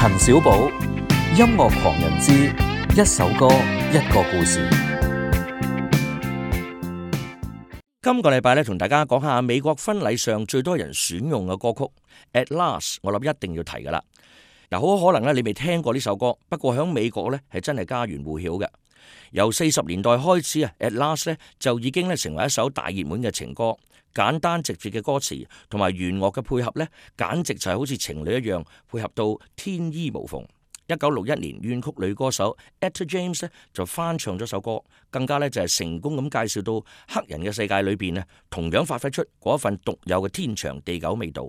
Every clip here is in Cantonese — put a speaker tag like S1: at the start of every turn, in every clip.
S1: 陳少寶，音樂狂人之一首歌一個故事。今個禮拜咧，同大家講下美國婚禮上最多人選用嘅歌曲《At Last》，我諗一定要提噶啦。嗱，好可能咧，你未聽過呢首歌，不過喺美國咧係真係家喻戶曉嘅。由四十年代開始啊，《At Last》咧就已經咧成為一首大熱門嘅情歌。簡單直接嘅歌詞同埋弦樂嘅配合咧，簡直就係好似情侶一樣配合到天衣無縫。一九六一年，怨曲女歌手 Etta James 就翻唱咗首歌，更加咧就係成功咁介紹到黑人嘅世界裏邊咧，同樣發揮出嗰份獨有嘅天長地久味道。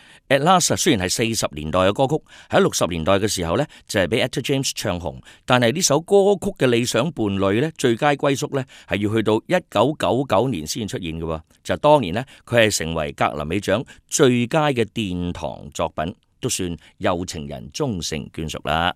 S1: At last，雖然係四十年代嘅歌曲，喺六十年代嘅時候呢，就係俾 Etta James 唱紅。但係呢首歌曲嘅理想伴侶呢，最佳歸宿呢，係要去到一九九九年先出現嘅喎。就當年呢，佢係成為格林美獎最佳嘅殿堂作品，都算有情人終成眷屬啦。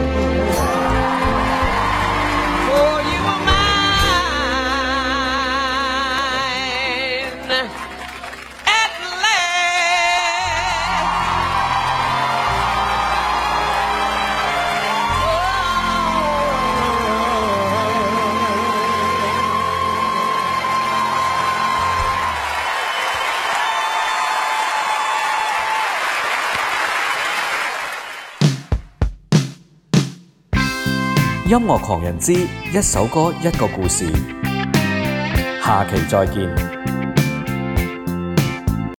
S1: 音樂狂人之一首歌一個故事，下期再見。